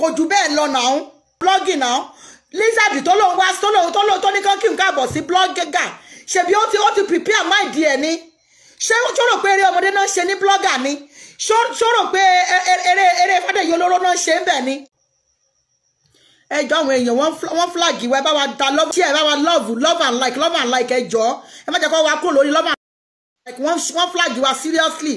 kò jù bẹ́ẹ̀ lọ náà blogging náà lizard tó lóun wá tó lóun tó lóun tó ní kán kí n káàbọ̀ sí blogger ṣebí ó ti ó ti prepare mind ẹ̀ ni ṣé ó rò pé eré ọmọdé náà ṣe ní blogger ni ṣó rò pé e, e, eré eré fàdéyí olóró náà ṣe ń bẹ̀ ni. ẹjọ́ àwọn èèyàn wọ́n flag wa ẹ bá wa da love ṣé ẹ bá wa love love and like love and like ẹjọ́ ẹ má jẹ́ kó wa kúrò lórí love and like wọ́n flag wa seriously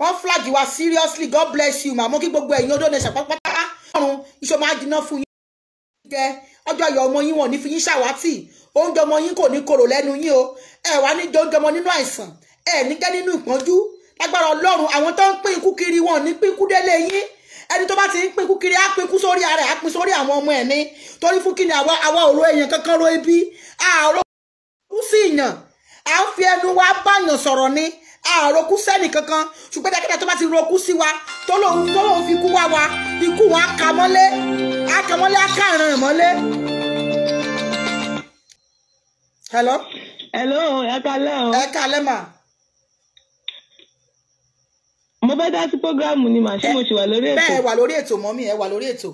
wọ́n flag wa seriously god bless you ma mo kí gbogbo ẹ̀yin odó nation pátápátá ọ̀run iṣẹ́ máa jiná fún yín jẹ ọjọ́ ìyá ọmọ yín wọ̀n ní fi yín ṣàwátì oúnjẹ ọmọ yín kò ní korò lẹ́nu yín o ẹ wà ní jẹ oúnjẹ ọmọ nínú àìsàn ẹ ní jẹ nínú ìpọ́njú lágbára ọlọ́run àwọn tó ń pín ikú kiri wọn ní pín ikú délé yín ẹni tó bá ti ń pín ikú kiri á pín ikú sórí ara ẹ á pín sórí àwọn ọmọ ẹ ní torí fún kíni àwa àwa òró èèyàn kankan ro ibi àárò kú sí ìyàn à ń fi ẹnu wa báyàn sọ̀rọ̀ ni àròkú sẹ́nì kankan ṣùgbọ́n dákẹ́dá tó bá ti rokú sí wa tó lóun fi kú wá wa ikú wọn á mọ́lé á mọ́lé á kàràn mọ́lé. hello. hello ẹ o. ẹ kalẹ́ mo fẹ́ dá sí programu ni màá ṣé mo ṣì wà lórí ètò. bẹ́ẹ̀ wà lórí ètò mọ́mí ẹ wà lórí ètò.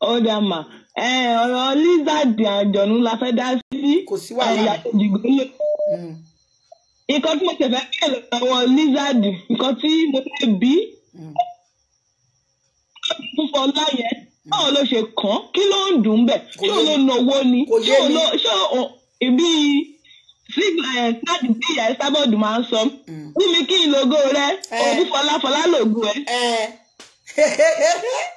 ó dà mà ọ̀rọ̀ Lizzy Anjorin la fẹ́ dá sí. kò sí wàhálà. ẹ̀yà ìdìgbò lè nǹkan tí mo tẹ̀fẹ́ bẹ́ẹ̀ lọ àwọn lizard nǹkan tí mo fẹ́ bí mm. fúnfọ láyẹn báwo ló ṣe kàn kí ló ń dùn bẹ́ẹ̀ ṣé o ló náwó ni ṣé o ló ṣé o ìbí káàdì bí ìyá Esabod máa ń sọ wú mm. mi kí n logo rẹ eh. òbú fọlá fọlá lògùn ẹ. Eh.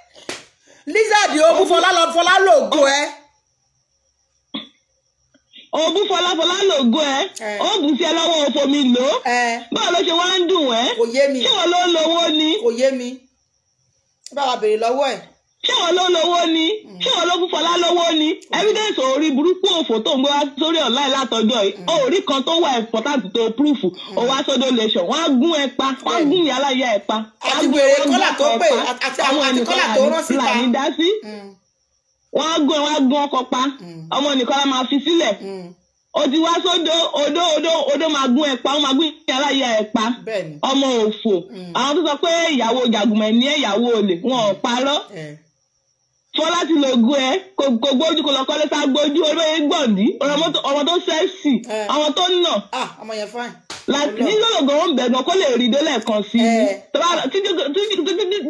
lizard òbú fọlá lọ fọlá lògùn ẹ ogún fọláfọlá lògùn ẹ ó bù sí ẹ lọ́wọ́ òfomi lò ó báwo ló ṣe wá ń dùn ẹ ṣé ló ń lowó ni. kò yé mi báwa béèrè lọ́wọ́ ẹ̀ ṣé wọn ló lówó ni mm. ṣé wọn ló fún Fọlá lówó ni mm. evidence orí burúkú òfò tó ń gbé wá sórí ọ̀la ìlàtọ̀jọ́ yìí mm. orí kan tó wà important tó proof òwò asọ́dọ̀ nation wọ́n á gún ẹ pa wọ́n á gún yàrá ìyá ẹ pa. àti wèrè kọ́là tó pè àti àwọn àti kọ́là tó rán síta wọ́n á gún wọ́n á gún ọkọ̀ pa hmm. ọmọ nìkan la máa fi sílẹ̀ hmm. o ti wá sódò odò odò odò máa gún ẹ pa ó máa gún ìyàrá ìyá ẹ pa ọmọ òfò hmm. àwọn tó sọ pé ìyàwó jàgùmọ̀ ní ìyàwó olè wọn ò parọ́ eh. fọlá ti lò gún ẹ kò gbójú kò lọ kọ́lé sá gbójú olóyè gbọ̀ndí ọmọ tó sẹ́ẹ̀sì eh. ọmọ tó nà. Ah, ọmọ yẹn fine nínú ògùn ó ń bẹ̀ gan kó lè rí délẹ̀ kan sí i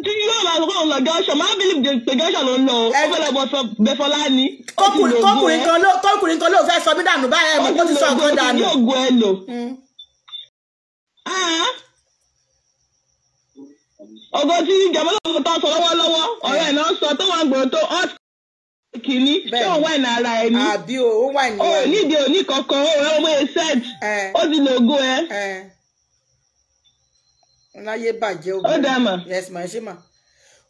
tí yóò máa kó ń lọ gẹ́ṣọ̀ máa bí pé gẹ́ṣọ̀ ló ń lọ eh. ó fẹ́ lọ bọ́ bẹ́fọlá ni. kọkùnrin kan ló fẹ́ sọ mí dànù báyẹn mo kó ti sọ nǹkan dànù. ó ti ògùn ẹ lò. ògùn hmm. ah. tí jàmbá lọ́wọ́ tó sọ lọ́wọ́lọ́wọ́ ọ̀rẹ́ náà sọ tó wà gbòòtó kìíní ṣé òun wà nára ẹni àbí o ó wà ní ẹni o nídìí òní kankan ó ọmọ ẹsẹt ó di ẹ. bàjẹ́ obìnrin ó dà mà yes mà ṣé mà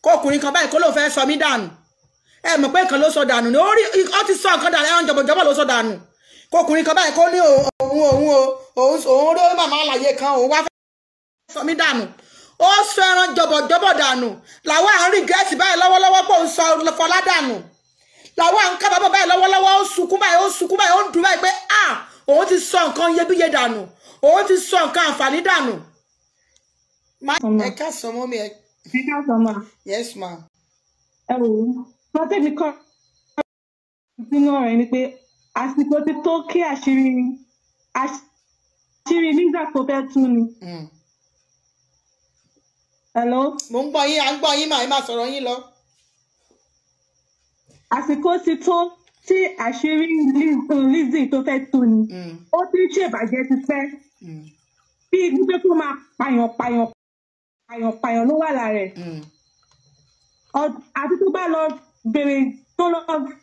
kókùnrin kan báyìí kó ló fẹ́ sọ mí dànù ẹ mọ̀ pé kan ló sọ dànù ni ní òun rí màmá àlàyé kan òun wá fẹ́ sọ mí jọ̀bọ̀jọ̀bọ̀ dànù làwọn àárín gẹ̀ẹ́sì báyìí làwọn àǹkà bàbá báyìí lọ́wọ́lọ́wọ́ ó sunkún báyìí ó sunkún báyìí ó ń dùn báyìí pé ah òun ti sọ nǹkan iyebíye dànù òun ti sọ nǹkan àǹfààní dànù. ẹ ká sọ mọ́ mi ẹ. ẹ ká sọ ma. yes ma. ẹ wò ó wọ́n tẹ̀mí kọ́ nínú ọ̀rọ̀ ni pé àsìkò ti tó kí àṣírí àṣírí nígbà tó fẹ́ tú ni. Mm. hello. mo ń gbọ́ yín à ń gbọ́ yín mà ẹ máa sọ̀rọ̀ yín lọ àsìkò ti tó tí àṣírí Lizzy tó fẹ́ tú ni mm. ó ti ń ṣèbàjẹ́ ti fẹ́ mm. bí gbígbé kó máa pààyàn pààyàn pààyàn pààyàn ló wà lára ẹ̀ mm. àti tó bá lọ béèrè tó lọ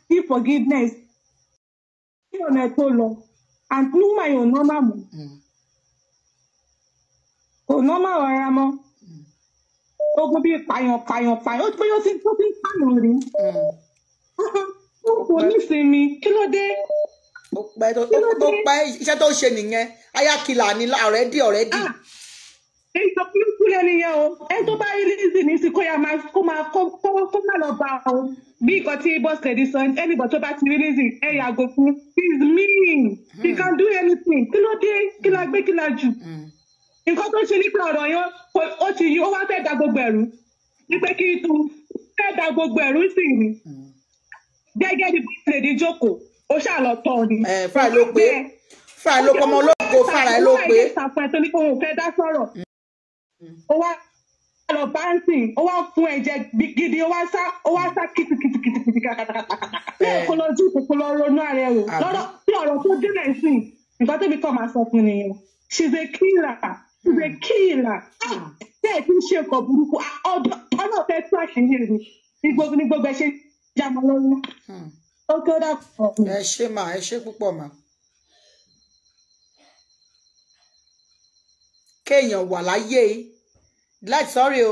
bí forgiveness kí ọ̀nà tó lọ àti nígbà yóò ná má mọ́ kò ná má rárá mọ́ ogun bíi pààyàn pààyàn pààyàn ó ti pé ó ti ń pààyàn rí wọ́n ní sinmi kí ló dé. ó pẹ́ tó pẹ́ iṣẹ́ tó ṣe nìyẹn ayákìlà ni already already. èso burúkú lẹ́nu yẹn o ẹni tó bá rí Lizzy ní sí kó yà máa kó máa kó kó má lọ bá o bí nǹkan tí boss lady sọ anybody tó bá ti rí Lizzy ẹ yàgò fún he is mean he hmm. can do anything kí ló dé kí la hmm. gbé kí la jù hmm. nǹkan tó ṣe nípa ọ̀rọ̀ yẹn ó ti yí ó wá fẹ́ da gbogbo ẹ̀rú ní pé kí n tu fẹ́ da gbogbo ẹ̀rú sí ni gẹ́gẹ́ bí bíléèdì jókòó ó ṣàlọ tọ ni. ẹ fà ló pé fà ló pọmọ olóògbé fara ló pé. ó wá ilé ìsàfún ẹ tó ní pé òun fẹ́ dá sọ̀rọ̀ ó wá lọ báńsìn ó wá fún ẹ̀jẹ̀ gidi ó wá sá ó wá sá kìtìkìtìkìtì kàkàtàkàtà bẹ́ẹ̀ kó lọ ojú kòkó lọ ronú ààrẹ rò lọ́rọ̀ tí ọ̀rọ̀ tó délẹ̀ sí nǹkan tóbi kọ́ máa sọ fún nìyẹn she's a killer she's a killer ah, bẹ́ẹ̀ ah, tí ń ṣe ọkọ̀ burúkú ọ̀nà ọ̀fẹ́ tó àṣírí ni gbogbo ẹ ṣe já mọ lọ́wọ́ hmm. ó tó dàpọ̀. ẹ ṣé mà ẹ ṣé púpọ̀ mà. kéèyàn wà láyé láti sọ́rí o.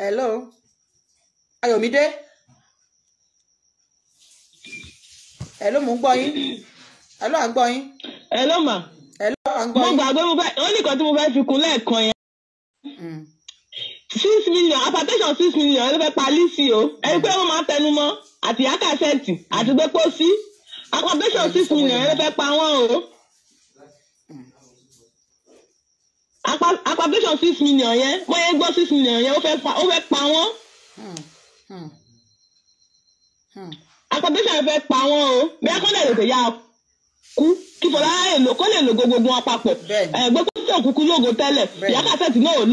hello ayọ̀mídé hello mò ń gbọ́ yín hello à ń gbọ́ yín. hello mà. hello à ń gbọ́ yín. mo gbàgbé mo fẹ́ ó nìkan tí mo fẹ́ fi kún lẹ́ẹ̀kan yẹn six million affectation six million ló fẹ́ pa lisi o ẹni pé wọ́n máa tẹnu mọ́ àti akásẹ́ẹ̀tì àti pé kó sí affectation six million ló fẹ́ pa wọ́n o affectation six million yẹn wọ́n yẹn gbọ́ six million yẹn ó fẹ́ pa wọ́n affectation yẹn fẹ́ pa wọ́n o bí akọ́lẹ̀ lè fẹ́ yá kú kí fọlá lè lò kó lè lò gbogbo wọn papọ̀ gbogbo Bọ́sẹ̀ òkùnkùn lógo tẹ́lẹ̀ ìyá náà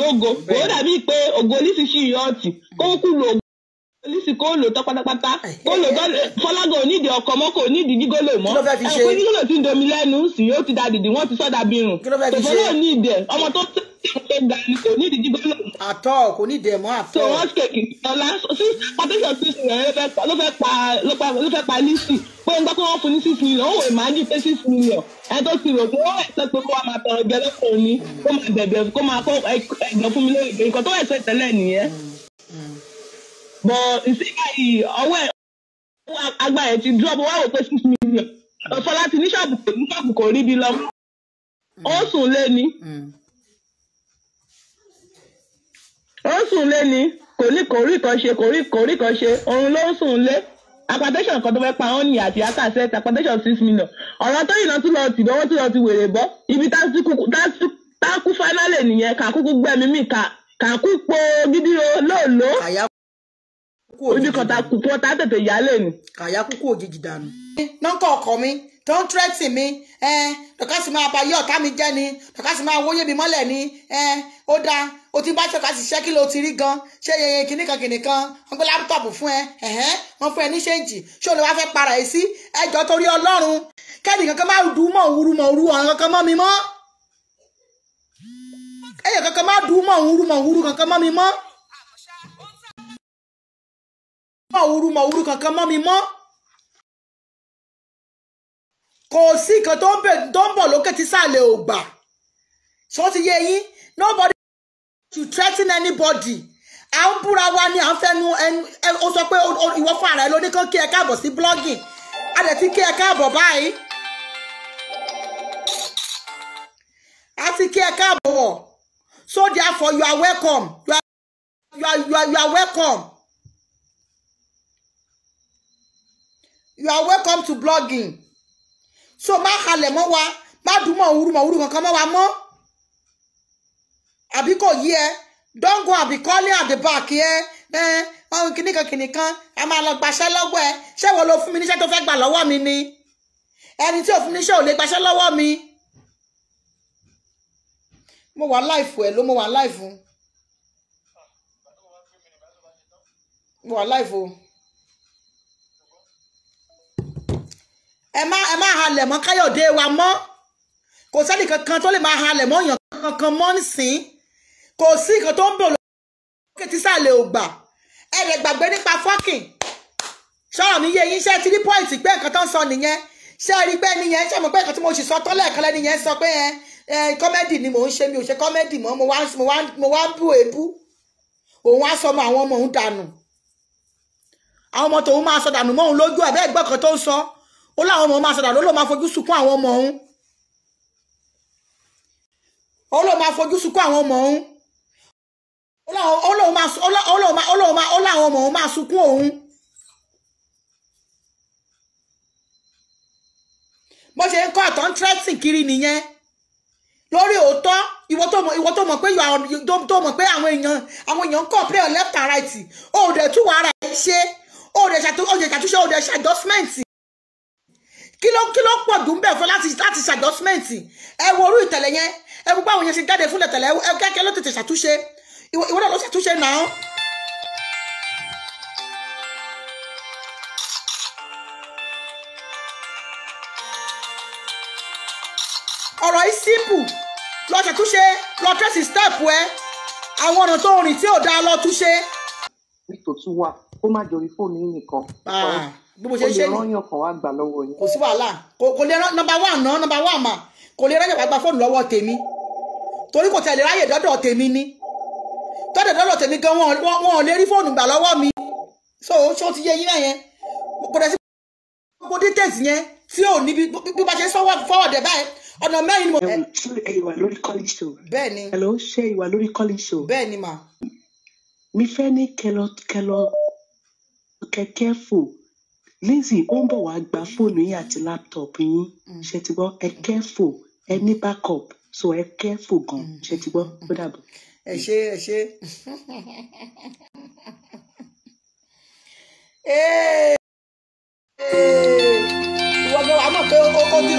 lógo òun dàbí pé ògo Lizzy Ṣíyọ̀tì kó kú lo ògo Lizzy kó lò tán kó lò tán onídìí ọkọ mọ́ kò nídìí gígólò mọ́ ẹ̀kọ́ gígólò ti ń domi lẹ́nu sì yóò ti da dìdì wọ́n ti sọ́dà bírùn tòfó náà ní ọmọ tó tẹ́ tó ga ni kò ní ìdíjí gbọ́dọ̀. àtọ kò ní ìdí ẹ̀mọ́ àtọ. so wọ́n ṣe ìkìlọ́lá sí pàtẹ́sọ̀ tí ló fẹ́ pa ló fẹ́ pa lísì pé ń gbọ́ pé wọ́n fún ní six million òun ìmájú pé six million ẹ tó ti rò pé wọ́n ẹ̀sẹ̀ pé kó wa máa tọrọ jẹ lọ́kọ̀ òní kó máa bẹ̀bẹ̀ kó máa kó ẹ̀gbọ́n fún mi lórí nǹkan tó ẹ̀sẹ̀ tẹ́lẹ̀ nìyẹn. bọ̀ ìsìnká yìí ọwọ́ ẹ̀ agbára ẹ̀ ti drop wá wò pé six million ọ̀fọ̀lá ti ní ṣàbùkù ní ṣàbùkù rí bi lọ. Mm. ó sùn lé ni. Mm ó sùn lé ni kò ní kò rí kan ṣe kò rí kò rí kan ṣe òun ló ń sùn lé accommodation kan tó fẹ́ pa wọ́n ní àti access accommodation six million ọ̀rọ̀ tó yìnbọn tún lọ tì bọ́ wọ́n tún lọ ti wèrè bọ́ ibi tá kú finally nìyẹn kàkúkú gbẹ̀mí mi kàkú po gidi o lóòló ojú kan tá kú pọ́ tá tètè yálé ni. kàyà kúkú òjijì dànù. nọ́ńkà ọkọ mi tó ń tírẹ́tì mi dọ̀kásì máa bá yí ọ̀tá mi jẹ́ ni dọ̀kásì máa wóyè mi mọ́lẹ̀ ni eh? ó dáa o ti bá ṣọ̀kásì ṣẹ́ kí ló ti rí gan ṣé yẹyẹ kìnnìkan kìnnìkan wọ́n gbé lápútọ̀pù fún ẹ wọ́n fún ẹ ní ṣéǹjì ṣé olùwà fẹ́ para ẹ sí ẹjọ́ torí ọlọ́run kẹ́nìkan kan máa dùn mọ̀ òwúrú mọ̀ òwúrú ọ̀ràn kankan mọ́ mi mọ́ ẹ̀yọ̀ kankan máa dùn mọ̀ òwúrú mọ̀ òwúrú kankan mọ̀ mi mọ́ mọ̀ òwúrú mọ̀ òwúrú kankan mọ́ mi mọ́ kò sí nǹkan tó ń bọ̀ lókè tí sàlẹ̀ ò gbà So ti yé yín nobody to threaten anybody à ń búra wa ni à ń fẹnu ẹnu ó sọ pé ìwọ fún ara ẹ lóní kan kí ẹ káàbọ̀ sí blogging a dẹ̀ ti kí ẹ káàbọ̀ báyìí a ti kí ẹ káàbọ̀ wọ̀ so therefore you are welcome you are, you are, you are, you are welcome. You are welcome to blogging so má halẹ̀ mọ́ wa má dùnmọ̀ òwúrú mọ̀ òwúrú kankan mọ́ wa mọ́ àbí kò yí ẹ don go àbí kọ́lé at the back ẹ ẹ ọ̀hún kìnnìkan kìnnìkan ẹ máa lọ gbaṣẹ́ lọ́wọ́ ẹ ṣé wo ló fún mi níṣẹ́ tó fẹ́ gbà lọ́wọ́ mi ni ẹni tí ò fún mi níṣẹ́ ò lè gbaṣẹ́ lọ́wọ́ mi mo wà láìfù ẹ ló mo wà láìfù mo wà láìfù ẹ má ẹ má halẹ̀ mọ́ káyọ̀dé wa mọ́ kò sẹ́ni kankan tó lè máa halẹ̀ mọ́ yàn kankan mọ́ nísìn kò sí nǹkan tó ń bò lókè tí sàlẹ̀ ò gbà ẹ lè gbàgbé nípa fọ́kìn sọ̀rọ̀ mi yé yín ṣe ti rí pọ́ìntì pé nǹkan tó ń sọ nìyẹn ṣé ẹ rí pé nìyẹn ṣé mo pé nǹkan tí mo sì sọ tọ́lẹ̀ kan lẹ́ni yẹn sọ pé ẹ kọ́mẹ́dì ni mò ń ṣe mi ò ṣe kọ́mẹ́dì mọ́ mo wá bú èébú òun á sọ ọmọ àwọn ọmọ òun dànù àwọn ọmọ tòun máa sọ dànù mọ́ òun lójú àbẹ́ ẹ̀gbọ́n kan tó ń sọ ó láwọn ọmọ máa sọ̀dà ló ló máa fojú sunkún àwọn ọmọ òun ó ló máa fojú sunkún àwọn ọmọ òun ó lóun máa ó láwọn ọmọ òun máa sunkún òun. bó ṣe ń kọ́ àtọ́n trẹ́sìn kiri nìyẹn lórí òótọ́ ìwọ tó mọ̀ ìwọ tó mọ̀ pé tó mọ̀ pé àwọn èèyàn àwọn èèyàn ń complain left and right ó dẹ̀ tún wàá rà ṣe ó dẹ̀ ṣàtúnṣe ó dẹ̀ ṣàdọ́símẹ́ǹtì kí ló kí ló pọ̀ dùn bẹ́ẹ̀ fún láti láti ṣàjọsímẹ́ǹtì ẹ wo orú ìtẹ̀lẹ̀ yẹn ẹ gbogbo àwọn yẹn ṣe jáde fún ìtẹ̀lẹ̀ ẹ kẹ́kẹ́ ló tètè ṣàtúnṣe ìwọ náà ló ṣàtúnṣe náà. ọ̀rọ̀ yìí simple lọ ṣàtúnṣe lọ tẹ́sí step ẹ àwọn ọ̀nà tó rìn tí ò dáa lọ túnṣe. nítòtú wa kó má jọ rí fóònù yín nìkan. Ah bí mo ṣe ṣe ní. kò sí wàhálà kò lè rán nọ́mbà wà ná nọ́mbà wà mà kò lè rán yàrá fóònù lọ́wọ́ tèmi torí kò tẹ̀lé ráyè dọ́dọ̀ tèmi ni tọ́dọ̀ dọ́dọ̀ tèmi gan wọn ò lè rí fóònù gbà lọ́wọ́ mi so ṣé o ti yé yín yẹn kò dẹ̀ sí gbogbo details yẹn tí ò ní bí bá ṣe fọwọ́ dẹ̀ báyìí ọ̀nà mẹ́rin ni mo. ṣé ìwà lórí calling show. hello ìwà lórí calling show. bẹ́ẹ̀ ni mi fẹ́ ní kẹlọ kẹlọ kẹkẹ́ fò Lizzy ó ń bọ̀ wá gba fóònù yín àti laptop yín mm. ṣe ti gbọ́ ẹ careful ẹ ní backup so ẹ careful gan mm. ṣe ti gbọ́ ó dàbọ̀. ẹ ṣe ẹ ṣe. ìwọ gbọ́ àmọ́ pé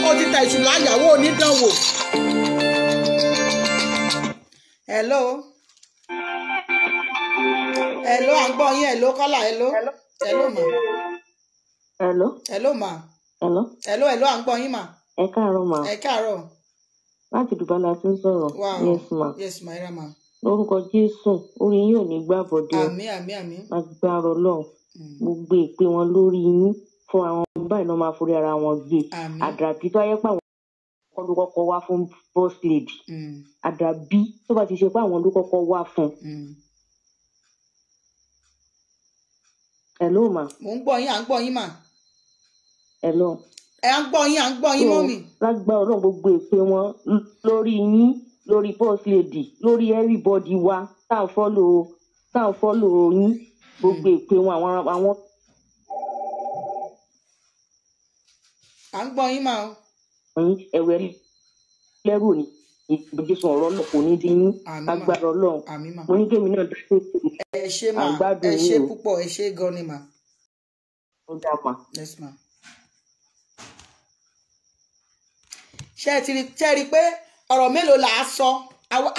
ó ti ta ìṣùlọ àyàwó onídànwò. hello. hello à ń gbọ́ yín hello kọ́là hello hello mọ̀ hello. hello ma. hello. hello hello à ń gbọ́ yín ma. ẹ káàárọ̀ ma. ẹ káàárọ̀. láti Dubai la ti ń sọ̀rọ̀. wow yes ma. yes ma ẹ ra ma. lórúkọ Jésù orí yóò ní gbà bọ̀dé. àmín àmín àmín. agbára Ọlọ́run mm. gbogbo ìpè wọn lórí yín fún àwọn báyìí ló máa forí ara wọn gbé àdàbí tó ayé pé àwọn kọ́ ló kọ́kọ́ wá fún boss lady mm. àdàbí tó bá ti ṣe pé àwọn ló kọ́kọ́ wá fún. Mm. hello ma. mo ń gbọ́ yín à ń gbọ́ yín mà hello. ẹ à ń gbọ́ yín à ń gbọ́ yín mọ́mì. lágbára ọlọ́run gbogbo èpè wọn lórí yín lórí boss lady lórí everybody wa tá à ń fọ́lò tá A ń fọ́lò yín gbogbo èpè wọn àwọn àwọn. à ń gbọ́ yín máa. ẹ̀wẹ̀ lẹ́rù ni ìgbésùn ọ̀rọ̀ náà kò ní di yín agbára ọlọ́run mo ní kémi náà dáṣẹ́ ìpè àgbàdo yín o. ẹ ṣe púpọ̀ ẹ ṣe gan ni mà. yes ma. ṣe rí pé ọ̀rọ̀ mélòó là á sọ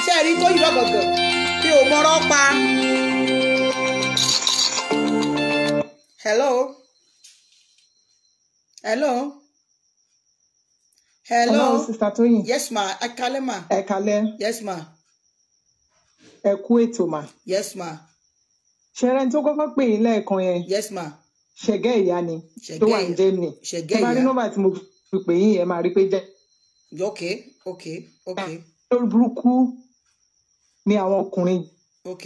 ṣe rí tó yìí lọ́gọ̀gọ̀ bí o mọ́rọ́ pa. hello hello hello sista Tóyìn yes ma ẹ kálẹ́ ma ẹ kálẹ́ yes ma ẹ kú ètò ma yes ma ṣẹrẹ tó kọ́kọ́ pè yín lẹ́ẹ̀kan yẹn yes ma ṣẹgẹ ìyá ni tó wà ní jẹni tó bá rí nọ́mbà tí mo fi pè yín yẹn máa rí pé jẹ ok ok ok. Ah, lórí ni àwọn ọkùnrin. ok.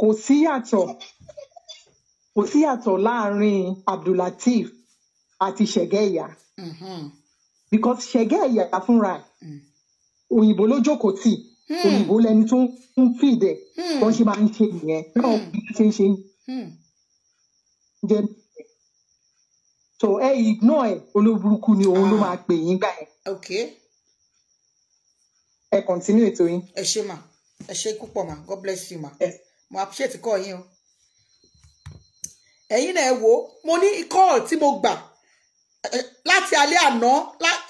kò síyàtọ̀ kò síyàtọ̀ láàrin Abdulateef àti Ṣẹ̀gẹ́ìyà. Mhm. because Ṣẹ̀gẹ́ìyà fúnra ẹ̀ mm. òyìnbó ló jókòó tì hmm. òyìnbó lẹni tó ń fìdẹ̀ bọ́n hmm. ṣe máa ń ṣe nìyẹn hmm. báwọn ń ṣe ń jẹ́ so ẹ ignore ẹ olóburúkú ni òun ló máa pè yín gbà yẹn. okay. ẹ continue ètò yín. ẹ ṣé ma ẹ ṣé púpọ̀ ma god bless you ma mo appreciate kọ́ yín o ẹ̀yin náà ẹ wò ó mo ní call tí mo gbà láti alẹ́ àná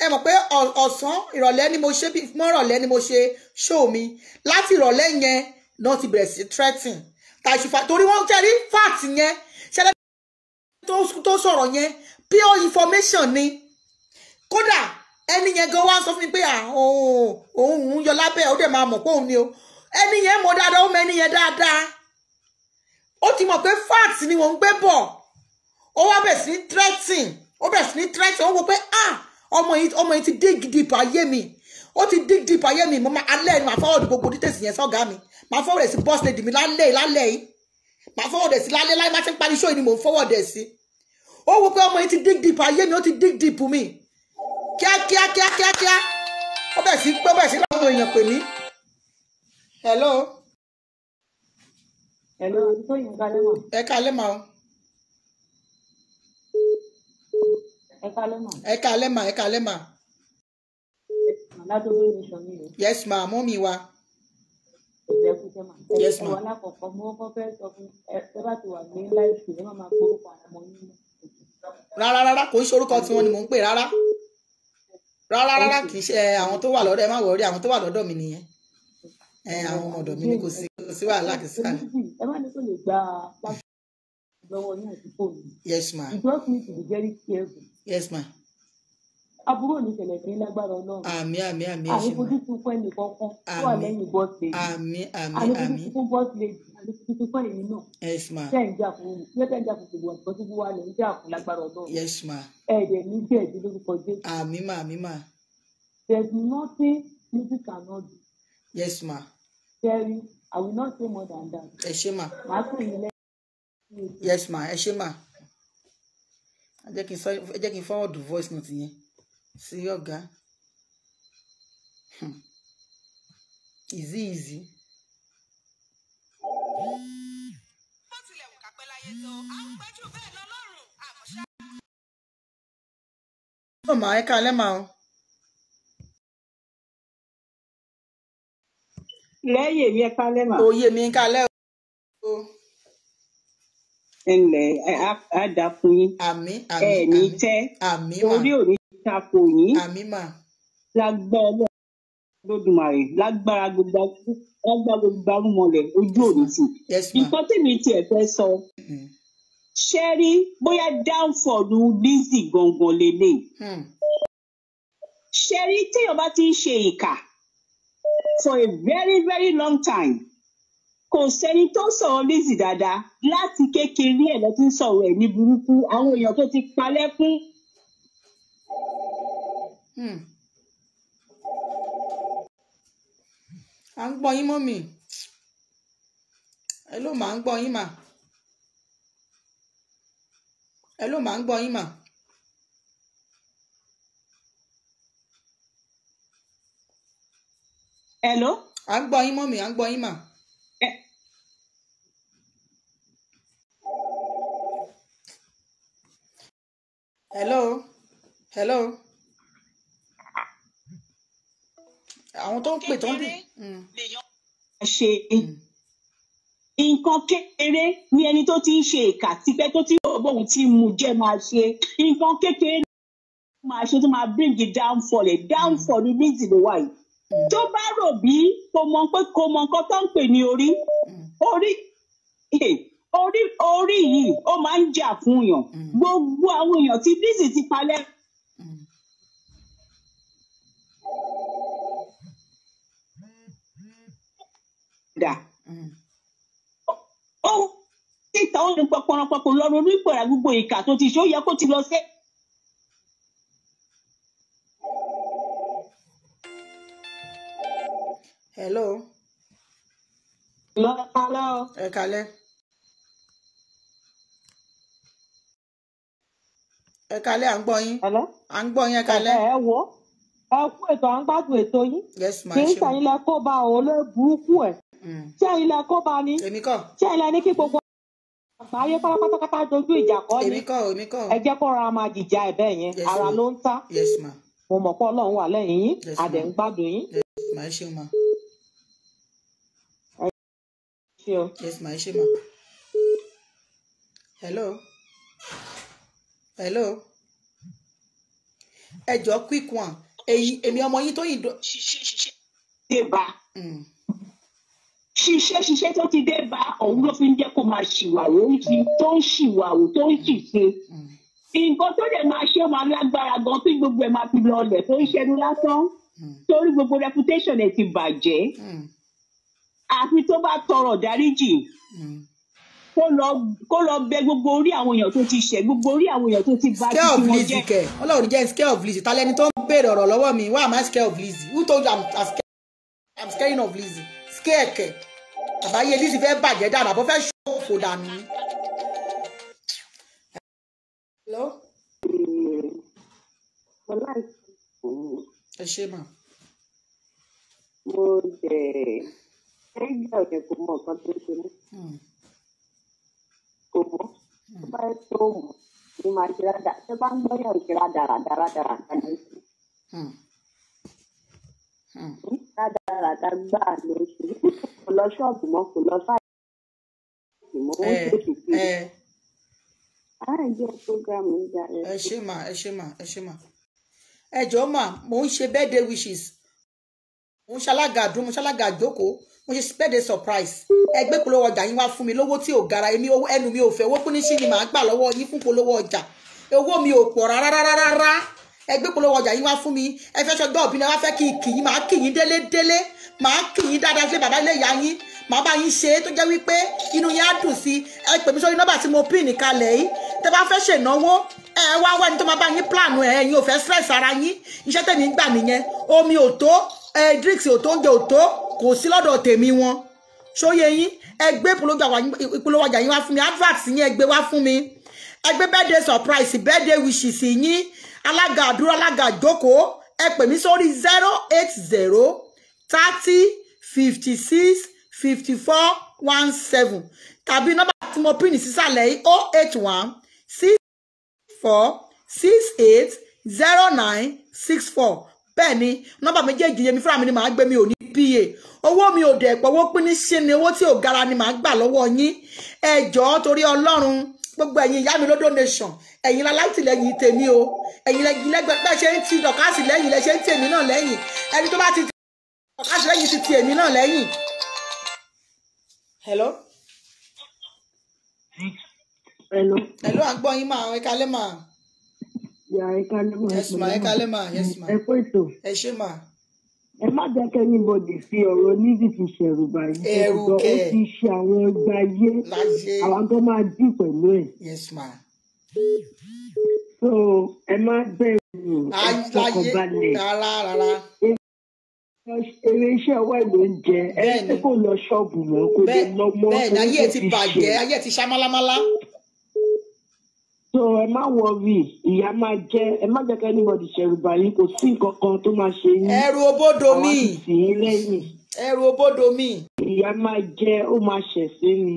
ẹ mọ̀ pé ọ̀sán ìrọ̀lẹ́ ni mo ṣe mọ́ ìrọ̀lẹ́ ni mo ṣe show mi láti ìrọ̀lẹ́ yẹn náà ti bẹ̀rẹ̀ sí threatening tàṣùfà torí wọ́n tẹ́rí fact yẹn ṣẹlẹ̀ tó sọ̀rọ̀ yẹn pure information ni kódà ẹni yẹn gan wá sọ fún mi pé ah, oh, òun òun yọ lábẹ́ ó dẹ̀ máa mọ̀ pé òun ni o ẹni yẹn mọ̀ dáadáa ó mọ̀ ẹni yẹn dáadáa ó ti mọ̀ pé facts ni wọ́n ń gbé bọ̀ ó wá bẹ̀ sí ní threatening ó bẹ̀ sí ní threatening ó wọ pé ah ọmọ yìí ọmọ yìí ti dig deep ayé mi ó ti dig deep ayé mi mo máa alẹ́ ni màá fọwọ́ di gbogbo details yẹn sọ́gà mi màá fọwọ́ rẹ̀ sí boss lady mi lálẹ́ yìí lálẹ́ yìí màá fọwọ́dẹ̀ sí lálẹ́ láì má ti ń parí ṣóyìn ni mò ń fọwọ́dẹ̀ sí ó wò pé ọmọ yìí ti dig deep ayé mi ó ti dig deep mi kíákíá kíákíá kíá ó bẹ̀ sí pé ó bẹ̀ sí láwọn èèyàn pè mí. hello. hello tóyìn kalẹ́ mọ̀. ẹ kalẹ́ mọ̀ o. ẹ kalẹ́ mọ̀. ẹ kalẹ́ mọ̀ ẹ kalẹ́ mọ̀. yes ma mọ́ mi wa ṣẹ̀ṣẹ̀ mà yes ma ẹ̀wọ̀n lákọ̀ọ́kọ́ mo kọ́ fẹ́ sọ fún ẹ bá ti wà ní láìpẹ́ ẹ má máa forúkọ àwọn ọmọ yín mọ́. rárá rárá kò ń ṣorúkọ tiwọn ni mò ń pè rárá rárá rárá kì í ṣe eh, àwọn tó wà lọ́dọ̀ ẹ má wọrí àwọn tó wà lọ́dọ̀ mi nìyẹn eh, àwọn ọ̀dọ̀ mi ni kò sí wàhálà kì í sí wàhálà. ẹ má ní kò lè gba lọ́wọ́ yín àti fóònù. yes ma. you just need to be very careful. yes ma aburú ní ìṣẹ̀lẹ̀ sí lágbára Ọlọ́run. àmì àmì àmì ẹṣin wa àrífojúsùn fún ẹnì kankan tó wà lẹ́yìn bọ́ọ̀sì èyí àmì àmì àmì àrífojúsùn fún bọ́ọ̀sì lèdì àrífojúsùn fún èyí náà. yes ma ṣe ń jà fún yẹ kẹ́ ń jà fún gbogbo àtúntò tí wọ́n wà lẹ́ ń jà fún lágbára Ọlọ́run. yes ma ẹ̀ẹ́dẹ̀ ní jẹ̀bi lórúkọ Jésù. àmì ma àmì ma. there is nothing music cannot do. yes ma. there I will not say more than that. ẹ ma. màá kò ní lẹ́yìn. yes ma ẹ ma. ẹ jẹ́ kí n fọwọ́dù voice note yẹn sí ọ̀gá ìzí hmm. ìzí. bó tilẹ̀ wù ká pẹ́ láyé tó a ń pẹ́ jù bẹ́ẹ̀ lọ́lọ́run àmọ́ṣá. ó máa ẹ̀ka lẹ́màá o. lẹ́yìn èmi ẹ̀ka lẹ́màá. òye mi ń kalẹ́ o. ẹ ǹlẹ́ á dà fún yín. àmín àmín tẹ́. àmín òní takò yín. àmín mà. lágbára lọ lódùmarè lágbára gbogbo lágbára gbogbo arúmọlẹ ojú òní tì. nǹkan tèmi tiẹ̀ fẹ́ sọ. Mm-hmm. ṣé rí bóyá downfall Lizzy gangan lélẹ̀. Hmm. ṣé rí téèyàn bá ti ń ṣe ìkà for a very very long time kò sẹ́ni tó sọ̀rọ̀ Lizzy dáadáa láti kékeré ẹ̀ lọ́tún sọ̀rọ̀ ẹ̀ ní burúkú àwọn èèyàn tó ti palẹ́kún Hmm. à ń gbọ́ yín mọ́mì ẹ ló ń gbọ́ yín mà ẹ gbọ́ yín mà. Hello? à ń gbọ́ yín à hello àwọn tó ń pè tó ń bì. Mm. ṣe nǹkan kékeré ni ẹni tó ti ń ṣe ìkà tipẹ́ tó ti rò bóun ti mú jẹ́ máa ṣe nǹkan kékeré máa ṣe tó máa bring it down for it down for the reason why mm. tó bá rò bí kò mọ̀ pé kò mọ̀ nǹkan tó ń pè ní orí mm. orí eh, orí orí yìí ó máa ń jà fún yàn gbogbo àwọn èèyàn tí bísí ti palẹ́ da ó títa ó ní pọpọrọpọpọ lọ́rùn onígbọ̀nà gbogbo ìkà tó ti ṣe ó yẹ kó ti lọ sí. hello. lọ́lá o. ẹ kalẹ́. ẹ kalẹ́ à ń gbọ́ yín. à ń gbọ́ yín ẹ kalẹ́. ẹ wò ó ẹ kú ètò à ń gbádùn ètò yín. kì í sàyìn lẹ kó bá òun lé burúkú ẹ. Mm. ṣé ilẹ̀ kó bá ní ṣé ilẹ̀ ní kí gbogbo àgbáyé pátápátá dojú ìjà kọ́ ni ẹ jẹ́ kó ra máa jìjà ẹ̀ bẹ́ẹ̀ yẹn ara ló ń ta mo mọ̀ pé ọlọ́run wà lẹ́yìn yín adẹ̀ ń gbádùn yín. Yes, ma. Yes, Hello. Hello. Ẹ jọ quick one. Èyí èmi ọmọ yín tó yìí dọ. Ṣé ṣe ṣe ṣe ṣe ṣe bá. Mm ṣiṣẹ́ ṣiṣẹ́ tó ti dé bá òun ló fi ń jẹ́ kó máa ṣìwàwó tó ń ṣìwàwó tó ń ṣìṣe nǹkan tó dẹ̀ máa ṣe máa lágbára gan tí gbogbo ẹ̀ máa fi lọlẹ̀ tó ń ṣẹnu lásán torí gbogbo reputation ẹ̀ ti bàjẹ́ àfi tó bá tọrọ dáríjì kó lọ bẹ gbogbo orí àwọn èèyàn tó ti ṣẹ̀ gbogbo orí àwọn èèyàn tó ti bá ti wọn jẹ́. ọlọ́run jẹ́ scare of Lizzie. talẹ́ni tó ń béèrè ọ̀rọ̀ lọ́wọ́ mi why am I scare of Lizzy who told you I'm scared of Lizzie kí ẹ̀kẹ́ àbáyé Lizzy fẹ́ bàjẹ́ dànù àbọ̀ fẹ́ ṣòfò dànù. ẹ ṣe mà. mo jẹ ẹgbẹ́ ọ̀yẹ̀ kò mọ nǹkan tó ṣe mí hmm. kò mọ́ tó bá yẹ tó mọ̀ ni màá ṣe rádà tó bá ń gbọ́ yẹn ṣe rádà rádà rádà rádà ní ìsìn. Hmm. Hmm rádaràda gbà ló ń ṣe kò lọ ṣọ́ọ̀bù mọ́ kò lọ ṣáàtì mọ́ ó ń tètè kiri. ẹ ṣe mà ẹ ṣe mà ẹ ṣe mà ẹ jọ̀ọ́ mà mò ń ṣe birthday wishes Mo ń ṣalága àdúró mo ṣalága àjókòó mo ṣe birthday surprise ẹgbẹ́ polówó ọjà yín wá fún mi lówó tí ò gara èmi ẹnu mi ò fẹ́ owó kúníṣí ni màá gbà lọ́wọ́ yín fún polówó ọjà owó mi ò pọ̀ rárá rárá rárá ẹ gbé polówó ọjà yín wá fún mi ẹ fẹ́ sọ gbọ́ òbí náà wá fẹ́ kí n kì yín màá kì yín délé délé màá kì yín dáadáa sílé bàbá ilé ìyá yín màá bá yín ṣe é tó jẹ́ wípé inú yín á dùn sí ẹ pè mí sórí nọ́mbà tí mo pín nìkalẹ̀ yìí tẹ́ bá fẹ́ ṣènáwó ẹ wá wá ẹni tó máa bá yín plan ẹ ẹ̀yin ò fẹ́ stress ara yín iṣẹ́ tèmi ń gbà nìyẹn omi ò tó drinks ò tó oúnjẹ ò tó kò sí lọ́dọ̀ tèmi wọn ṣóyè yín ẹ gbé ìpolówó ọjà yín wá fún mi advert yín ẹ gbé wá fún mi ẹ gbé birthday surprise birthday wishes yín alága àdúrà alága ìjókòó ẹ pè mí sórí zero eight zero thirty fifty six fifty four one seven tàbí nọ́mbà tí mo pín ní sísàlẹ̀ yìí oh eight one six four six eight zero nine six four bẹ́ẹ̀ ni nọ́mbà méjèèjì yẹmi fúnra mi ni màá gbé mi ò ní pa owó mi ò dẹ̀ pọ̀ owó pín ní ṣe ni owó tí ò gara ni màá gbà lọ́wọ́ yín ẹ jọ̀ọ́ torí Ọlọ́run gbogbo ẹ̀yin ìyá mi lódò nation ẹ̀yin alátìlẹyìn tèmi o ẹ̀yin lẹ́gbẹ̀ẹ́ pẹ́ ṣe ń ti dọ̀kásì lẹ́yìn lẹ́ ṣe ń tèmi náà lẹ́yìn ẹni tó bá ti dọ̀kásì lẹ́yìn ti ti èmi náà lẹ́yìn. hello. hello. hello à ń gbọ́ yín máa ẹ̀ka lẹ́ máa. yà ẹ̀ka máa. yes ma ẹ̀ka lẹ́ máa yes ma. ẹ kó ètò. ẹ ṣé máa ẹ má jẹ́ kí anybody fi ọ̀rọ̀ níbi fi ṣẹ̀rù báyìí ẹ̀rù kẹ́ ó ti ṣe àwọn ọgbà ayé àwọn tó máa dín pẹ̀lú ẹ̀. yes ma. so ẹ má bẹ̀rù ẹ tọkànbalẹ̀ iṣẹ́ ọwọ́ ìlú ń jẹ ẹ kó lọ ṣọ́ọ̀bù mọ́ kó lè lọ mọ́. bẹ́ẹ̀ ni ayé ti bàjẹ́ ayé ti ṣá málámálá so ẹ má wọrí ìyá máa jẹ ẹ má jẹ́ kí anybody ṣẹ̀rù báyìí kò sí nǹkan kan tó máa ṣe yín ẹ̀rù òbodò mi àwọn ti mi. ìyá máa jẹ ó máa ṣẹ̀ sí ni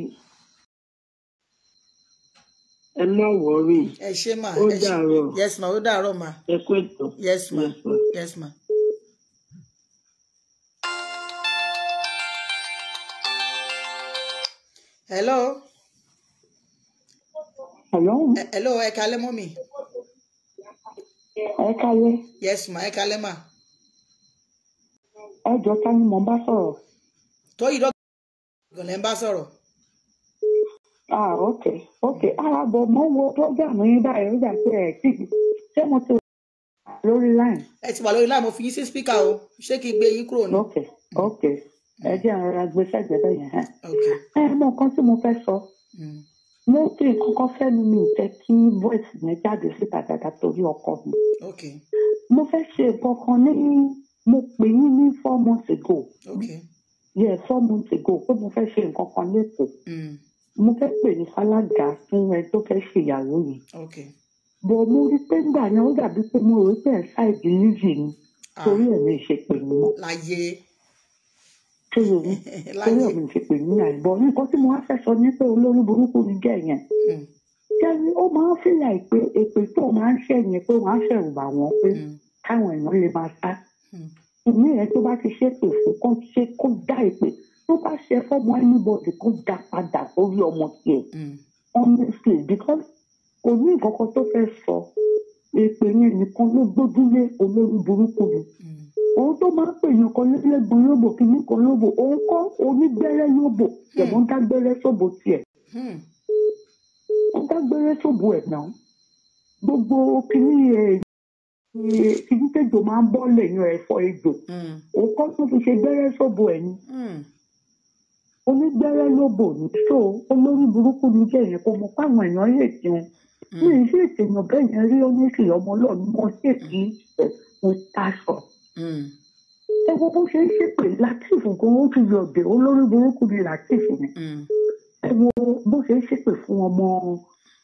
ẹ má wọrí ẹ ṣe má ó dàárọ̀ yes ma ó dàárọ̀ ma ẹ kú ètò yes ma yes ma. Yes, ma. hello hello. hello ẹ kalẹ́ mọ́mì. ẹ kalẹ́. yes ma ẹ kalẹ́ ma. ẹ jọ ta ni mo bá sọ̀rọ̀. tóyì dọ́kítà ìgbọ̀nlẹ̀ ń bá sọ̀rọ̀. ah ok ok ah bọ̀ mọ́ wo program yín báyìí nígbà tí ẹ ti ṣé mo ti wà lórí line. ẹ ti wà lórí line mo fi yín sí spíkà o ṣé kí n gbé yín kúrò ní. ok ok ẹ jẹ́ ara gbé sẹ́gbẹ̀ẹ́ bẹ́yẹn. ẹ mọ nǹkan tí mo fẹ́ mo ṣe kọ́kọ́ fẹ́ mi mi fẹ́ kí voice mi jáde síta dáadáa torí ọkọ mi. mo fẹ́ ṣe kankan ní mo pè yín ní four months ago. Okay. yeah four months ago pé mo fẹ́ ṣe nǹkan kan lẹ́kọ̀ọ́. mo fẹ́ pè ní fálága fún ẹ tó fẹ́ ṣe ìyàwó yìí. Okay. bọ̀ mo rí pé ńgbà yẹn ó dàbí pé mo rò pé ẹ̀ ṣáìdì níjì ni torí ẹ̀ mi ṣe pè mí. láyé ṣé yorùbá torí ọ̀gbìn ṣe pè ní àìbọ̀ nǹkan tí mo wá fẹ́ sọ ní pé olórí burúkú ni jẹ́ yẹn hmm. jẹ́ni ó máa ń fìlà ìpè èpè tó máa ń ṣẹ̀ yẹn pé wọ́n á ṣẹ̀rù bà wọ́n pé hmm. káwọn èèyàn lè máa sá hmm. ìmí rẹ̀ tó bá ti ṣètò fún kó ṣe kó dá ìpè tó bá ṣe fọ́mọ anybody kó dá padà sórí ọmọ tiẹ̀ honestly because kò ní nǹkan kan tó fẹ́ sọ èpè yẹn nìkan ló gbójúlé olórí burúkú ni òun tó máa ń pè yàn kan lẹ́gbọ̀n yóòbò kìíní kan yóòbò òun kọ́ onígbẹ́rẹ́ yóòbò hmm. ṣẹ̀wọ́n dágbẹ́rẹ́ sóbò tiẹ̀ ó hmm. dágbẹ́rẹ́ sóbò ẹ̀ náà gbogbo kìíní ẹ̀ kìíní tẹ̀jọ̀ máa ń bọ́ lẹ́yìn ẹ̀fọ́ ejò hmm. òun kọ́ tó fi ṣe gbẹ́rẹ́ sóbò ẹ̀ ni onígbẹ́rẹ́ yóòbò ní so olórí burúkú ni jẹ́ yẹn kó mọ fáwọn èèyàn lè jẹun mi ì ṣètò èèyàn bẹ́ẹ̀ yẹn rí oníṣìí ọmọ ọlọ́run mo ṣètì ẹ̀sùn táṣọ ẹ wo bó ṣe ń ṣépè latif kan ó tún yọ ọdẹ olórí burúkú bíi latif ni ẹ wo bó ṣe ń ṣépè fún ọmọ mm.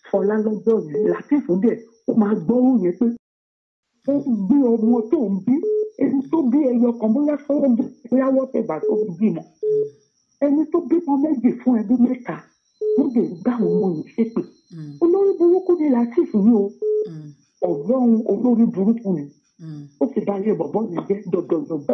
fọlá lọ́jọ́ yìí latif dẹ̀ ó máa gbóhùn yẹn pé ó gbé ọmọ tó ń bí ẹni tó bí ẹyọ kan bóyá sọ́wọ́ bóyá wọ́tẹ̀bà tó fi bímọ ẹni tó bímọ méjì mm. fún ẹbí mẹ́ta mm. wọ́n lè gbà wọ́n mọ yìí ṣépè olórí burúkú ni latif yìí o ọ̀gbọ́n olórí burúkú ni. Okay, mm. But ó ti bá yé bọ̀bọ́ mi jẹ́ dọ̀dọ̀dọ̀gbà